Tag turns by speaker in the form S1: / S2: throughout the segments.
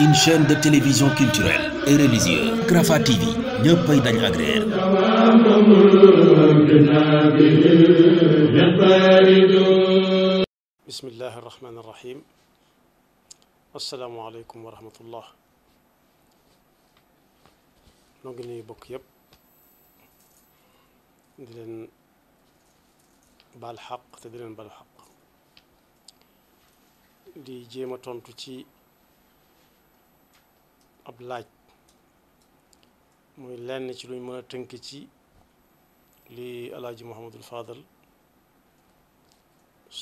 S1: une chaîne de télévision culturelle et religieuse Rafah TV ñëppay dañ agréer bismillahi rahmani rahim asalaamaaleykum wa rahmatullah noo ngi nuyu bokk yëpp di leen baal xaq te di leen baal xaq di jéem a tontu ci ab laaj muy lenn ci luñ mën a tënk ci li alaaji Muhammadul Faadal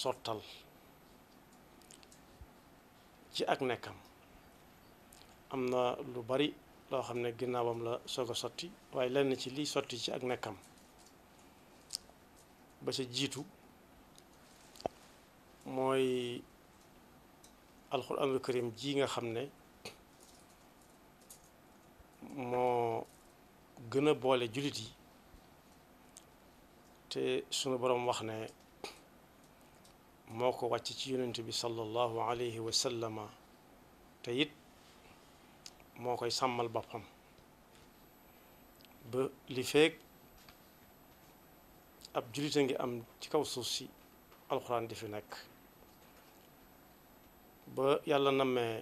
S1: sottal ci ak nekkam am na lu bari loo xam ne ginnaawam la soog a sotti waaye lenn ci liy sotti ci ak nekkam ba ca jiitu mooy alxuraanul karim ji nga xam ne moo gën a boole jullit yi te sunu boroom wax ne moo ko wàcc ci yonent bi sallallahu alayhi wa sallama moo koy sàmmal boppam ba li feeg ab jullit a ngi am ci kaw suuf si alxuraan di fi nekk ba yàlla nammee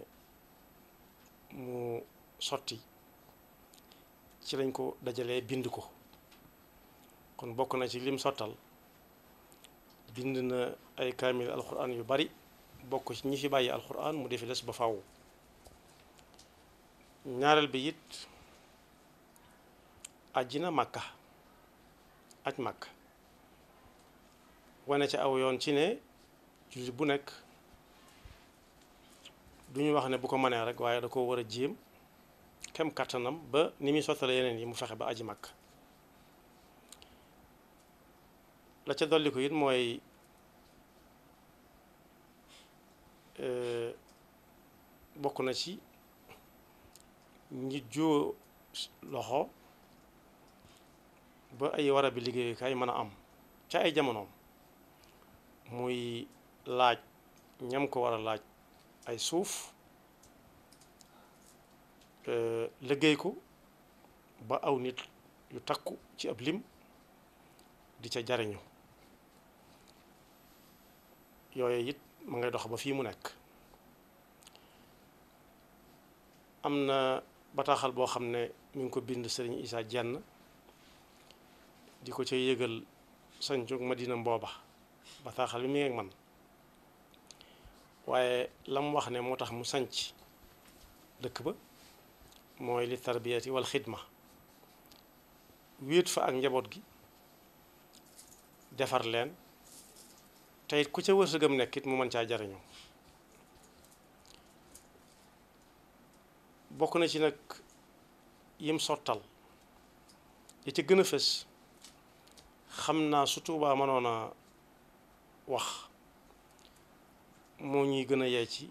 S1: mu sotti ci lañ ko dajalee bind ko kon bokk na ci lim sottal bind na ay kaamil alquran yu bari bokk ci ñi fi bàyyi alquran mu defi des ba faw ñaareel bi it ajjina màkka aj màkka wane ca aw yoon ci ne jullit bu nekk duñu wax ne bu ko mënee rek waaye da ko war a jéem kem kattanam ba ni muy sottale yeneen yi mu fexe ba aji mag la ca dolli ko mooy euh, bokk na ci ñi juo loxo ba ay wara bi liggéeyukaay mën a am ca ay jamonoom muy laaj ñam ko war a laaj ay suuf Euh, liggéey ko ba aw nit yu takku ci ab lim di ca jariñu yooye it mu ngay dox ba fii mu nekk am na bataaxal boo xam ne mi ngi ko bind sëriñ Issa Jenn di ko ca yëgal ma Madina mbooba bataaxal bi mi ngi man waaye la wax ne moo tax mu sanc dëkk ba mooy li tarbiyati wal xidma wéet fa ak njaboot gi defar leen tey ku ca wërsëgam nekk it mu mën caa jariñu bokk na ci nag yim sottal yi ci gën a fës xam naa su Tuubaa mënoon a wax moo ñuy gën a yey ci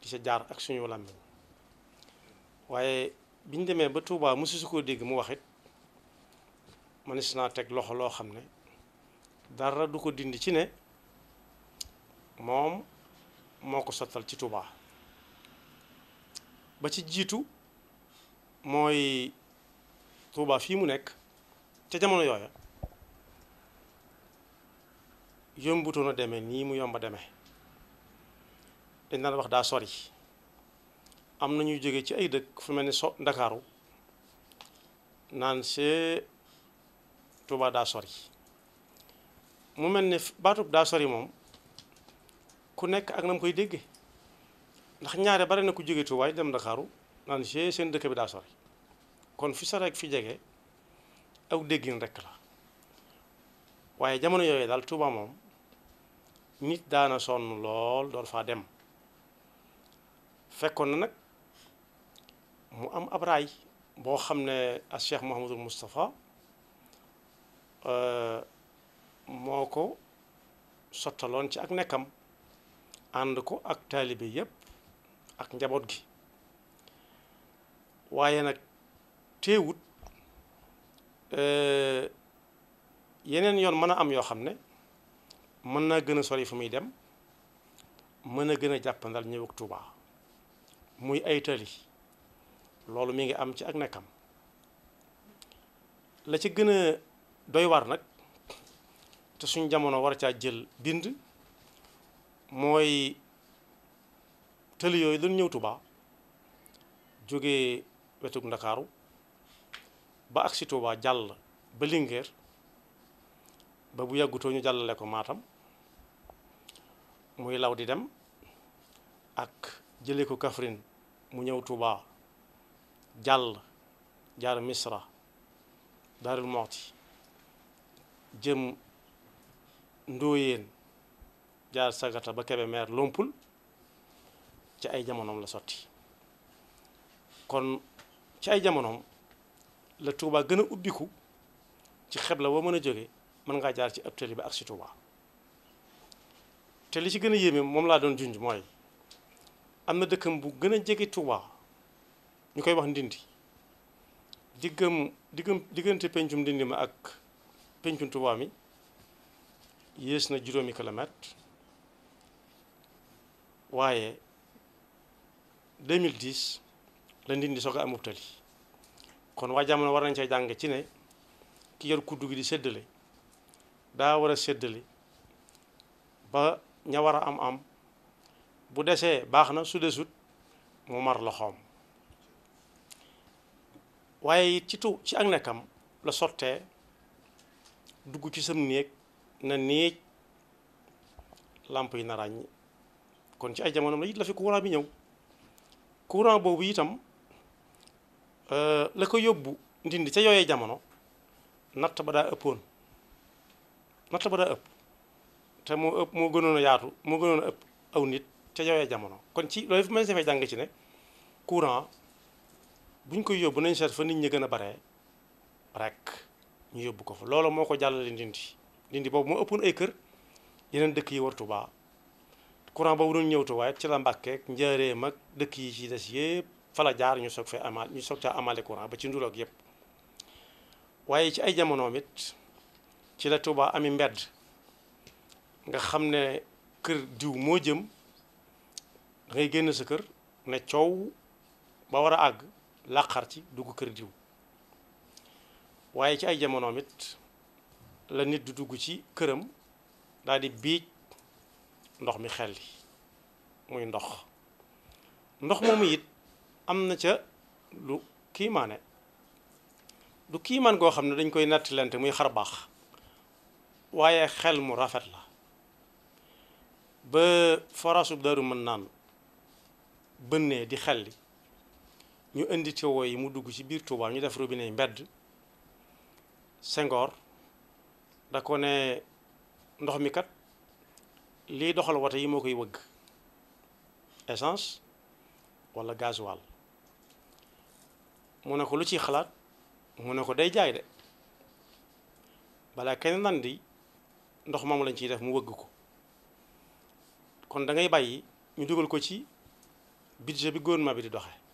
S1: di sa jaar ak suñu làmmiñ waaye biñ demee ba Touba mosu su koo dégg mu wax it mënees naa teg loxo loo xam ne dara du ko dindi ci ne moom moo ko sottal ci Touba ba ci jiitu mooy Touba fii mu nekk ca jamono yooya yombutoon a demee nii mu yomba demee dañ daan wax daa sori. am na ñuy jóge ci ay dëkk fu mel ni so ndakaaru naan see Touba daa sori mu mel ne baatub daa sori moom ku nekk ak na mu koy dégge ndax ñaare bare na ku jóge Touba dem ndakaaru naan see seen dëkk bi daa sori kon fi sore ak fi jege aw déggin rekk la waaye jamono yooyu daal Touba moom nit daana sonn lool door faa dem fekkoon na nag mu am ab raay boo xam ne a Cheikh Mouhamadul Moustapha euh, moo ko sottaloon ci ak nekkam ànd ko ak taalibe yépp ak njaboot gi waaye nag teewut euh, yeneen yoon mën a am yoo xam ne mën naa gën a sori fu muy dem mën a gën a jàppandal ñëw ak Tuubaa muy ay tali loolu mi ngi am ci ak nekkam la ci gën a doy war nag te suñ jamono war caa jël bind mooy tëli yooyu dañu ñëw Touba jógee wetug Ndakaaru ba ak si Touba jàll ba Linguère ba bu yàggutoo ñu jàllale ko maatam muy law di dem ak jële ko kafrin mu ñëw Touba jàll jaar misra daarul moxti jëm ndóoyeen jaar sagata ba kebe meer lompul ci ay jamonoom la sotti kon ci ay jamonoom la Touba gën a ubbiku ci la boo mën a jóge mën ngaa jaar ci ab tali ba ak si te li ci gën a yéeme moom laa doon junj mooy am na dëkkam bu gën a jege tuubaa ñu koy wax ndindi diggam diggam diggante pencum ndindi ma ak pencum Tuubaa mi yées na juróomi kilomètre waaye 2010 la ndindi soog a amub tali kon waa jamono war nañ cee jàng ci ne ki yor kuddu gi di séddale daa war a séddale ba ña war a am am bu desee baax na su desut mu mar loxoom waaye ci tu ci ak nekkam la sottee dugg ci sam néeg na néeg làmp yi na ràññi kon ci ay jamonoom la it la fi courant bi ñëw courant boobu itam euh, la ko yóbbu ndindi ca yooyee jamono natt ba daa ëppoon natt ba daa ëpp te moo ëpp moo gënoon yaatu moo gënoon ëpp aw nit ca yooyee jamono kon ci loolu fi ma ne jàng ci ne courant buñ koy yóbbu nañ seet fa nit ñu gën a bare rek ñu yóbbu ko fa loolu moo ko jàllale ndindi ndindi boobu moo ëppoon ay kër yeneen dëkk yi war Tuubaa courant boobu doon ñëw Tuubaa ci la dëkk yi ci des jaar ñu soog fee ñu soog caa amaale courant ba ci nduloog yëpp waaye ci ay jamonoom it ci la Tuubaa ami mbedd nga xam ne kër diw moo jëm da génn sa kër ne coow ba war a àgg làqar ci dugg kër diw waaye ci ay jamonoom it la nit du dugg ci këram daal di biij ndox mi xel li muy ndox ndox moomu it am na ca lu kiimaane du kiimaan goo xam ne dañ koy nattilante muy xar baax waaye xel mu rafet la ba forasub daru mën naan bënnee di xel xelli ñu indi tuyau yi mu dugg ci biir Touba ñu def robinet yi mbedd Senghor da ko ne ndox mi kat liy doxal wata yi moo koy wëgg essence wala gasoil mu ne ko lu ciy xalaat mu ne ko day jaay de balaa kenn nan di ndox moom lañ ciy def mu wëgg ko kon da ngay bàyyi ñu dugal ko ci budget bi gouvernement bi di doxe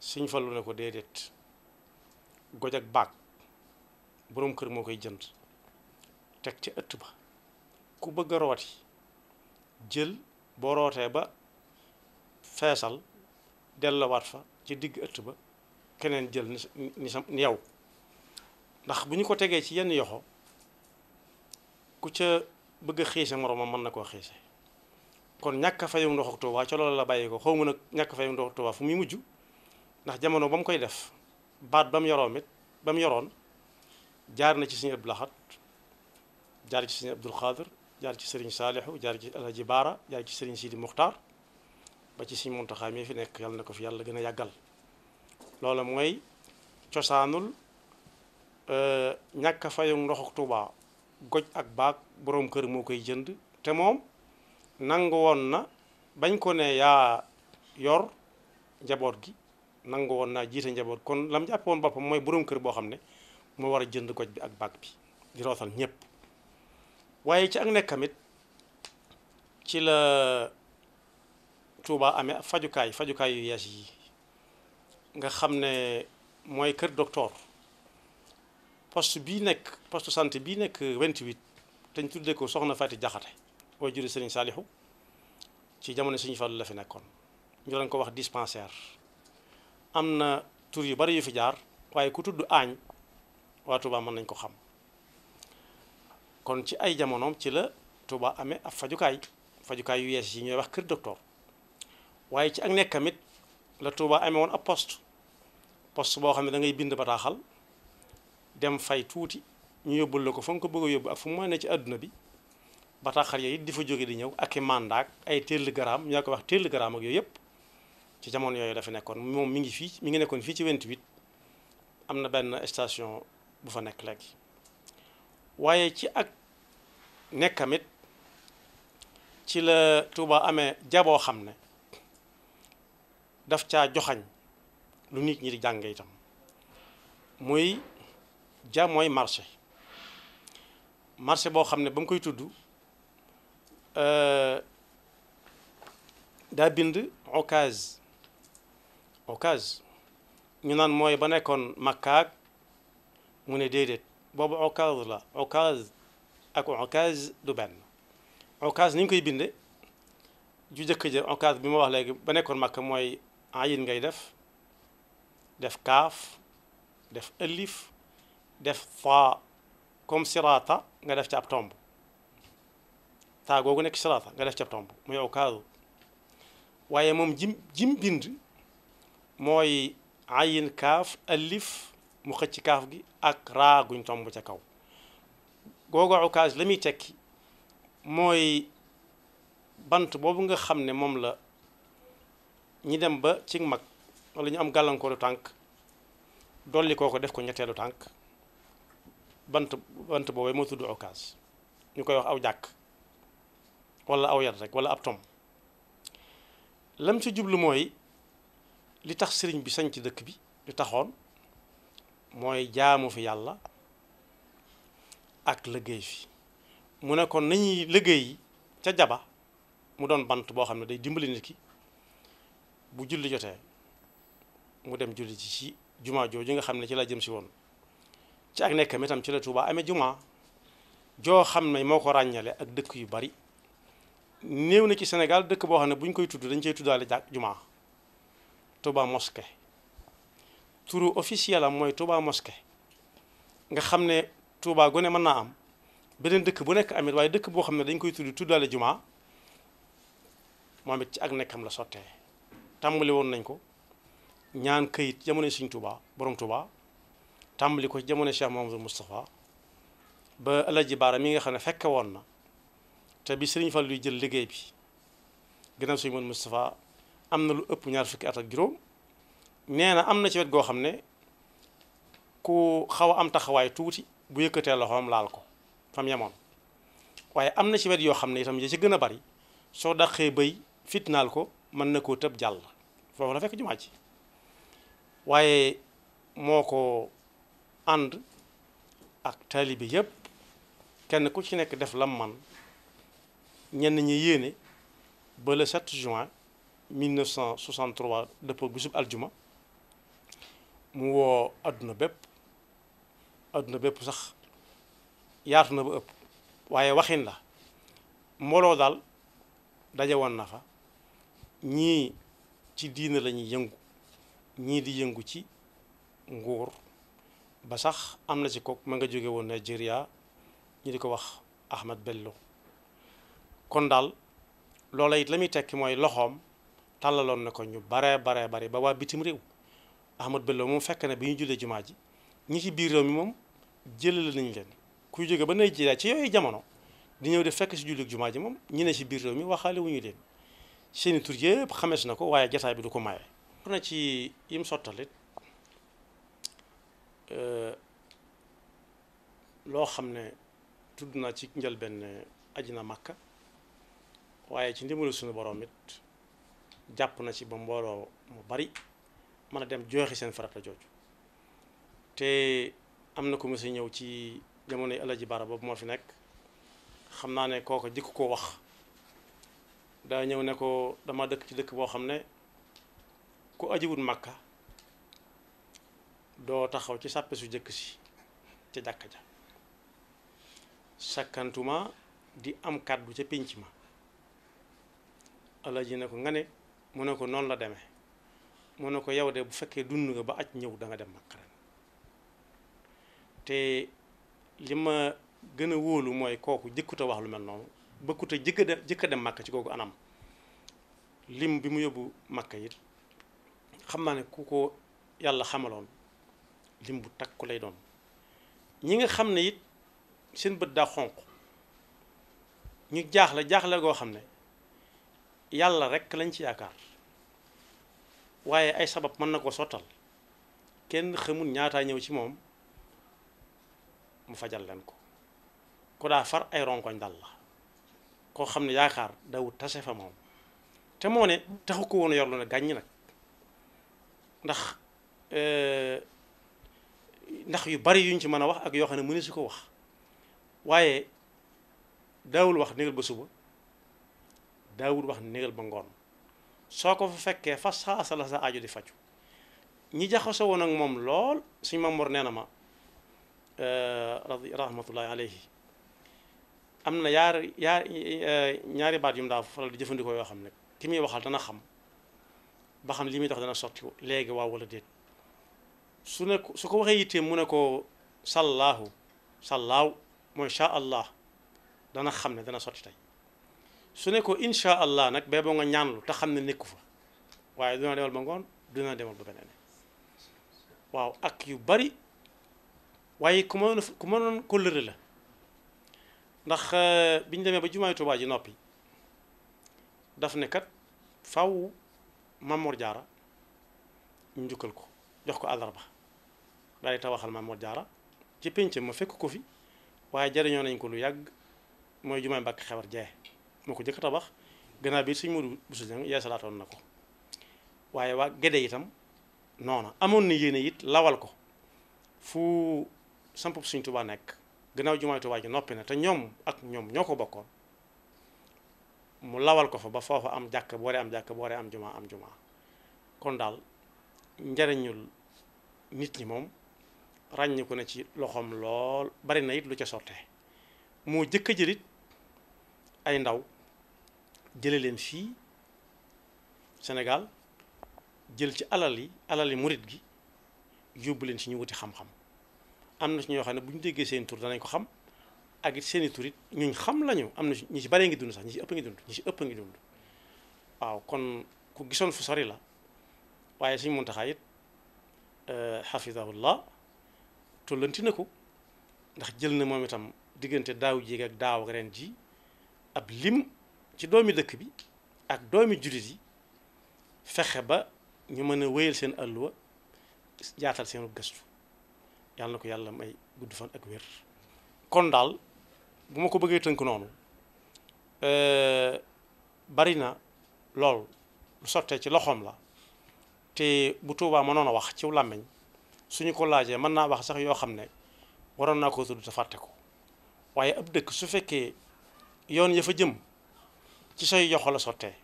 S1: suñ fallu ne ko déedéet goj ak baag boroom kër moo koy jënd teg ci ëtt ba ku bëgg a rooti jël boo rootee ba feesal dellowaat fa ci digg ëtt ba keneen jël ni sa ni yow ndax bu ñu ko tegee ci yenn yoxo ku ca bëgg a xiise moroomam mën na koo xiise kon ñàkk a fayum ndox ak Tuubaa ca loolu la bàyyi ko xaw ma nag ñàkk a fayum ndox ak Tuubaa fu muy mujj ndax jamono ba mu koy def baat ba mu yoroom ba mu yoroon jaar na ci sëñ Abdul Ahad jaar ci sëñ Abdul Xaadir jaar ci sëriñ Saalihu jaar ci Alhaji Baara jaar ci sëriñ Sidi Muxtaar ba ci sëñ Muntaxa mi fi nekk yàlla na ko fi yàlla gën a yàggal loola mooy cosaanul e, ñàkk a fayu ndoxu Tuuba goj ak baag boroom kër moo koy jënd te moom nangu woon na bañ ko ne yaa yor njaboot gi nangu woon naa jiite njaboot kon lam jàpp woon boppam mooy borom kër boo xam ne moo war a jënd goj bi ak bàgg bi di rootal ñëpp waaye ci ak nekkam it ci la Touba amee fajukaay fajukaay yu yees yi nga xam ne mooy kër docteur poste bii nekk poste santé bii nekk 28 te ñu tuddee ko soxna Fati Jaxate waajuru Sëriñ Saalihu ci jamono Sëriñ Fallu la fi nekkoon ñu doon ko wax dispensaire am na tur yu bari yu fi jaar waaye ku tudd aañ waa Touba mën nañ ko xam kon ci ay jamonoom ci la Touba amee ab fajukaay fajukaay yu yees yi ñooy wax kër docteur waaye ci ak nekkamit la Touba amee woon ab poste post boo xam ne da ngay bind bataaxal dem fay tuuti ñu yóbbul la ko fa nga ko bëgg a yóbbu ak fu mu ne ci àdduna bi bataaxal yooyu di fa jóge di ñëw ak i mandaak ay télégramme ñoo ko wax télégramme ak yooyu yëpp ci jamono yooyu dafa nekkoon moom mi ngi fii mi ngi nekkoon fii ci 28 am na benn station bu fa nekk léegi waaye ci ak nekkamit ci la tuuba amee jaboo xam ne daf caa joxañ lu nit ñi di jàng itam muy ja mooy marché marché boo xam ne ba mu koy tudd euh, daa bind occasion Okaz ñu naan mooy ba nekkoon makkaag mu ne déedéet boobu Okaz la Okaz ak Okaz du benn Okaz ni ñu koy binde ju jëkk ja Okaz bi ma wax léegi ba nekkoon makka mooy ayin ngay def def kaaf def ëllif def fa comme sirata nga def ci ab tomb taa googu nekk sirata nga def ci ab tomb muy Okaz waaye moom jim bind mooy ayin kaaf alif mu xëcc kaaf gi ak raaguñ tomb ca kaw googu ukaas la muy tekki mooy bant boobu nga xam ne moom la ñi dem ba ci mag wala ñu am gàllankooru tànk dolli koo ko def ko ñetteelu tànk bant bant boobee moo tudd ukaas ñu koy wax aw jàkk wala aw yat rek wala ab tom lam si jublu mooy li tax sëriñ bi sañ ci dëkk bi li taxoon mooy jaamu fi yàlla ak liggéey fi mu ne kon nañuy liggéey ca jaba mu doon bant boo xam ne day dimbali nit ki bu julli jotee mu dem julli ci ci jumaa jooju nga xam ne ci la jëm si woon ci ak nekkam itam ci la Tuubaa amee jumaa joo xam ne moo ko ràññale ak dëkk yu bari néew na ci Sénégal dëkk boo xam ne bu koy tudd dañ cey tuddaale jàkk jumaa Touba moske turu officiel am mooy Touba moske nga xam ne Touba gone mën naa am beneen dëkk bu nekk amit waaye dëkk boo xam ne dañ koy tudd tuddaale juma moom it ci ak nekkam la sottee tàmbali woon nañ ko ñaan këyit jamono Sëriñ Touba borom Touba tàmbali ko jamono Cheikh Mouhamadou Moustapha ba El Hadj Baara mi nga xam ne fekke woon na te bi Serigne fa luy jël liggéey bi gannaaw Sëriñ Mouhamadou Moustapha. am na lu ëpp ñaar fukki at ak juróom nee na am na ci wet goo xam ne ku xawa a am taxawaay tuuti bu yëkkatee loxoom laal ko fam yemoon waaye am na ci wet yoo xam ne itam yi ci gën a bari soo daqee bay fitnaal ko mën na koo tëb jàll foofu la fekk jumaa ci waaye moo ko ànd ak taalibe yëpp kenn ku ci nekk def lam man ñenn ñi yéene ba le 7 juin 1963 dëppoo bisub aljuma mu woo àdduna bépp àdduna bépp sax yaatu na ba ëpp waaye waxin la mbooloo daal daje woon na ñii ci diina la ñuy yëngu ñii di yëngu ci nguur ba sax am na ci kook ma nga jóge woon Nigeria ñu di ko wax Ahmed Bello kon daal loola it la muy tekki mooy loxoom tàllaloon na ko ñu baree baree bari ba waa bitim réew Ahmad Bello moom fekk na bi ñu jullee jumaa ji ñi ci biir réew mi moom jëlale nañ leen kuy jóge ba Nigeria ci yooyu jamono di ñëw di fekk si jullit jumaa ji moom ñi si ci biir réew mi waxaale wu ñu leen seeni tur yëpp xamees na ko waaye jataay bi du ko maye. na ci yim sottalit euh, loo xam ne tudd naa ci njëlbeen euh, aji na Makka waaye ci ndimbalu suñu borom it. jàpp na ci ba mbooloo mu bari mën a dem jooxi seen farata jooju te am na ko mos a ñëw ci jamonoy Alaaji Bara boobu moo fi nekk xam naa ne kooka jikk koo wax daa ñëw ne ko dama dëkk ci dëkk boo xam ne ko ajiwul Makka doo taxaw ci sàppe su jëkk si ca jàkka ja sakkantuma di am kàddu ca pénc ma Alaaji ne ko nga ne mu ne ko noonu la demee mu ne ko yow de bu fekkee dund nga ba aj ñëw da nga dem Makka ren te li ma gën a wóolu mooy kooku jëkkut wax lu mel noonu bëkkut a jëkk dem jëkk dem Makka ci kooku anam lim bi mu yóbbu Makka yit xam naa ne ku ko yàlla xamaloon lim bu ku lay doon ñi nga xam ne it seen bët daa xonq ñu jaaxle jaaxle goo xam ne yàlla rekk lañ ci yaakaar waaye ay sabab mën na ko sottal kenn xamul ñaataa ñëw ci moom mu fajal leen ko ko daa far ay ronkoñ dal la koo xam ne yaakaar dawut tase fa moom te moo ne taxu ko woon yorlu ne gàññ nag ndax euh, ndax yu bari yuñ ci mën a wax ak yoo xam ne mu mënu su ko wax waaye daawul wax négal ba suba daawul wax négal ba ngoon soo ko fa fekkee fa saasa la sa aajo di faju ñi jaxasoo woon ak moom lool suñu Maam Mor nee na ma rahmatullahi alayhi am na yaar yaar ñaari baat yu mu daa faral di jëfandikoo yoo xam ne ki muy waxal dana xam ba xam li muy tax dana sotti léegi waaw wala déet su ne su ko waxee yitteem mu ne ko sallaahu sallaaw mooy sha allah dana xam ne dana sotti tey su ne ko incha allah nag bee boo nga ñaanlu te xam ne nekku fa waaye dina demal ba ngoon dina demal ba beneen waaw ak yu bari waaye ku ma ku ma doon kóllëre la ndax euh, bi ñu demee ba jumaay Tuubaa ji noppi daf ne kat faw Mamour jaara ñu njukkal ko jox ko àllarba daal di tawaxal Mamour Diarra ci pénc ma fekk ko fi waaye jariñoo nañ ko lu yàgg mooy jumaay Mbàkke Xewar jee moo ko jëkk a tabax gannaaw suñ sëñ Modou Bousso Dieng yeesalaatoon na ko waaye waa Gédé itam noona amoon na yéene it lawal ko fu sampub sëñ Tuubaa nekk gannaaw jumaay Tuubaa ji noppi na te ñoom ak ñoom ñoo ko bokkoon mu lawal ko fa ba foofa am jàkk boore am jàkk boore am jumaa am jumaa kon daal njariñul nit ñi moom ràññi ko na ci loxoom lool bari na it lu ca sotte moo jëkk jëlit ay ndaw jële leen fii Sénégal jël ci alal yi alal yi murit gi yóbbu leen ci ñu wuti xam-xam am na ci ñoo xam ne bu ñu déggee seen tur danañ ko xam ak it seen i it ñuñ xam lañu am na ñu si baree ngi dund sax ñi si ëpp ngi dund ñi ci ëpp ngi dund waaw kon ku gisoon fu sori la waaye suñu muntaxaa it euh, xafidahullah tollanti na ko ndax jël na moom itam diggante daaw jéeg ak daaw ak ren ji ab lim ci doomi dëkk bi ak doomi jullit yi fexe ba ñu mën a wéyal seen àlluwa jaatal seen gëstu yàlla ko yàlla may gudd fan ak wér kon daal bu ma ko bëggee tënk noonu euh, bari na lool lu sottee ci loxoom la te bu tuubaa mënoon a wax ciw làmmiñ suñu ko laajee mën naa wax sax yoo xam ne waroon naa ko tudd te fàtte ko waaye ab dëkk su fekkee yoon ya fa jëm ci say yoxo la sottee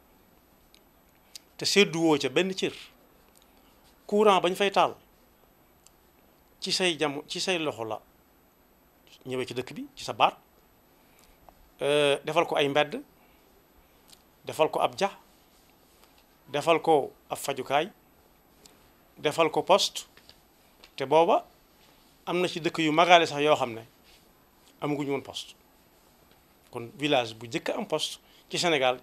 S1: te sedduwoo ca benn cër courant bañ fay taal ci say jam ci say loxo la ñëwee ci dëkk bi ci sa baat euh, defal ko ay mbedd defal ko ab jax defal ko ab fajukaay defal ko post te booba am na ci dëkk yu magaale sax yoo xam ne amaguñu woon post kon village bu njëkk am post ci Sénégal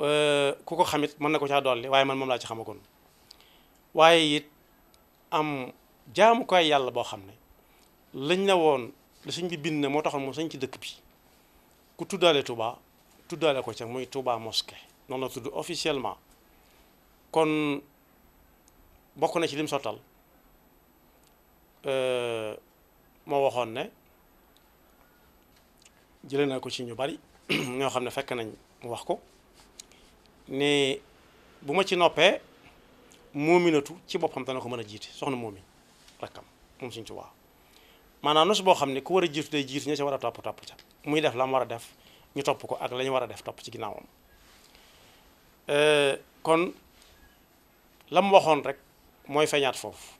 S1: euh, ku ko xamit mën na ko caa dolli waaye man moom laa ci xamagoon waaye it am jaamukaay yàlla boo xam ne lañ la woon li sëñ bi bind na moo taxoon moom sëñ ci dëkk bi ku tuddaale Touba tuddaale ko ca muy Touba mosquée noonu la tudd officiellement kon bokk na ci lim sottal euh, moo waxoon ne jëlee naa ko ci ñu bari ñoo xam ne fekk nañ mu wax ko ne bu ma ci noppee moominatu ci boppam dana ko mën a jiite soxna moomi rakkam moom suñ ci waaw maanaam nosu boo xam ne ku war a jiitu day jiitu ña ca war a topp topp ca muy def la war a def ñu topp ko ak lañu war a def topp ci ginnaawam kon lam waxoon rek mooy feeñaat foofu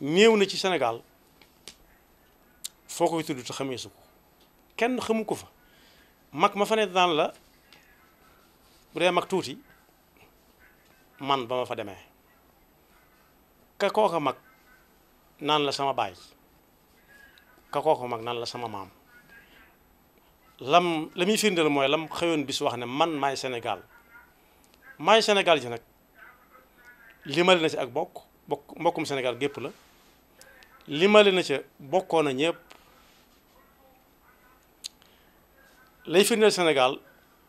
S1: néew na ci senegal foo koy tudd te xamee su kenn xamu ko fa mag ma fa ne daan la bu dee mag tuuti man ba ma fa demee ka kooka mag naan la sama baay ka kooka mag naan la sama maam lam la muy firndeel mooy lam xëyoon bis wax ne man may Sénégal may Sénégal ji nag limale na ci ak bokk bokk mbokkum Sénégal gépp la limale na ca bokkoon na ñëpp lay firndeel Sénégal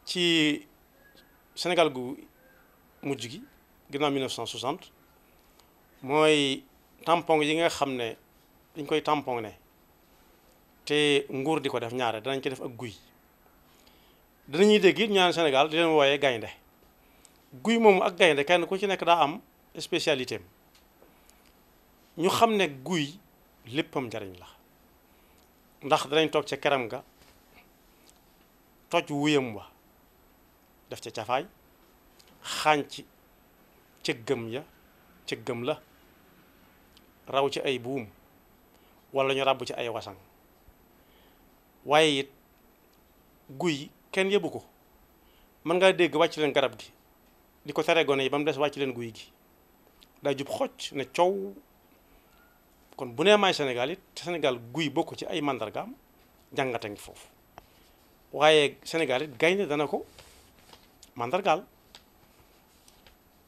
S1: ci Sénégal gu mujj gi ginnaaw 1960 mooy tampon yi nga xam ne dañ koy tampon ne te nguur di ko def ñaare danañ ko def ak guy danañuy dégg it ñaan Sénégal di leen wooyee gaynde guy moom ak gaynde kenn ku ci nekk daa am spécialité ñu xam ne guy léppam njariñ la ndax danañ toog ca keram ga toj wuyam wa def ca cafaay xànc ca gëm ya ca gëm la raw ci ay buum wala ñu ràbb ci ay wasan waaye it guy kenn yëbu ko mën ngaa dégg wàcc leen garab gi di ko tere yi ba mu des wàcc leen guy gi daa jub xocc ne coow kon bu nee maay Sénégal it Sénégal guy bokk ci ay màndargaam jàngate ngi foofu waaye Sénégal gaynde dana ko mandargaal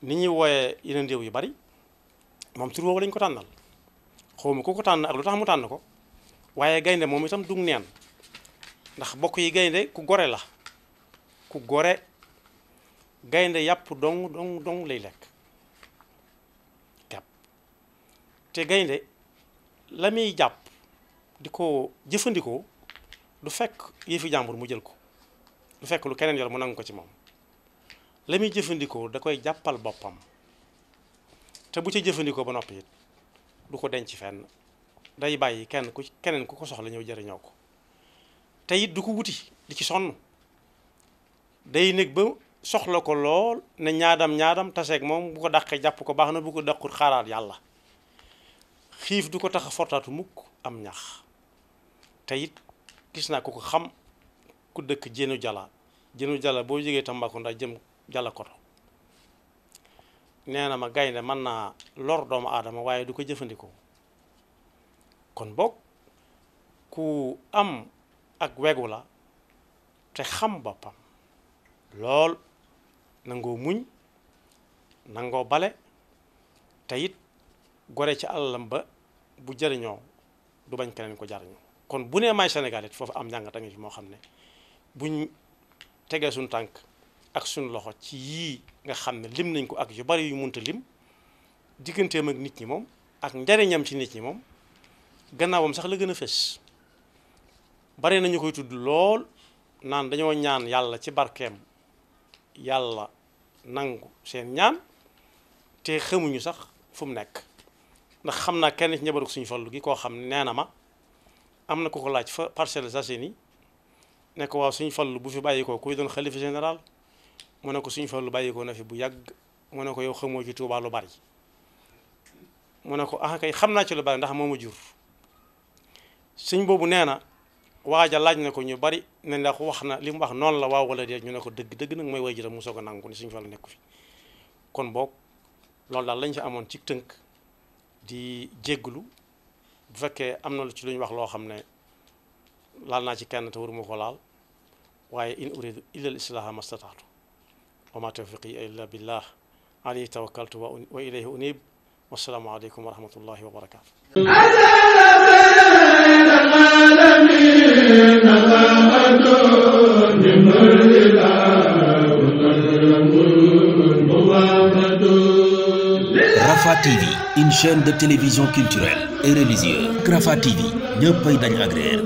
S1: ni ñuy wooyee yeneen réew yu bari moom tur woowu lañ ko tànnal xawma ku ko tànn ak lu tax mu tànn ko waaye gaynde moom itam dug neen ndax bokk yi gaynde ku gore la ku gore gaynde yàpp dong dong dong lay lekk yàpp te gaynde la muy jàpp di ko jëfandikoo du fekk yëfi jàmbur mu jël ko du fekk lu keneen yor mu nangu ko ci moom la muy jëfandikoo da koy jàppal boppam te bu ca jëfandikoo ba noppi it du ko denc fenn day bàyyi kenn ku keneen ku ko soxla ñëw jëriñoo ko te it du ko wuti di ci sonn day nekk ba soxla ko lool ne ñaadam ñaadam taseek moom bu ko daqee jàpp ko baax na bu ko dàqut xaaraat yàlla xiif du ko tax a fortaatu mukk am ñax te gis naa ko ko xam ku dëkk Jéenu Jala Jéenu Jala boo jógee Tambacounda jëm Jala koto nee na ma gaynde mën naa lor doomu aadama waaye du ko jëfandikoo kon boog ku am ak wegu la te xam boppam lool nangoo muñ nangoo bale te it gore ci alalam ba bu jëriñoo du bañ keneen ko jariñoo kon bu nee maay Sénégal foofu am njàngat a ngi moo xam ne buñ tegee suñ tànk ak suñu loxo ci yii nga xam ne lim nañ ko ak yu bari yu munta lim digganteem ak nit ñi moom ak njariñam ci nit ñi moom gannaawam sax la gën a fës bari nañu koy tudd lool naan dañoo ñaan yàlla ci barkeem yàlla nangu seen ñaan te xamuñu sax fu mu nekk ndax xam naa kenn ci njabaru suñu fallu gi koo xam nee na ma am na ko ko laaj fa Parcelles Assainies ni ko waaw suñ fallu bu fi bàyyikoo kuy doon xalifa général mu ne ko suñ lu bàyyikoo na fi bu yàgg mu ne ko yow xamoo ci Touba bari mu ne ko ah xam naa ci lu bari ndax moo ma jur suñ boobu nee na waaja laaj ne ko ñu bari ne ndax wax na li mu wax noonu la waaw wala déet ñu ne ko dëgg dëgg nag mooy way jëram mu soog a nangu ni suñ fallu nekku fi kon boog loolu daal lañ ci amoon ci tënk di jégglu bu fekkee am na lu ci lu ñu wax loo xam ne laal naa ci kenn te waruma ko laal waaye in uridu illa al islaha mastataatu wa ma tawfiqi illa billah alayhi tawakkaltu wa ilayhi unib wassalaamu aleykum wa rahmatullahi wa barakaatu une de télévision culturelle et religieuse Rafah TV ñëppay dañ agréer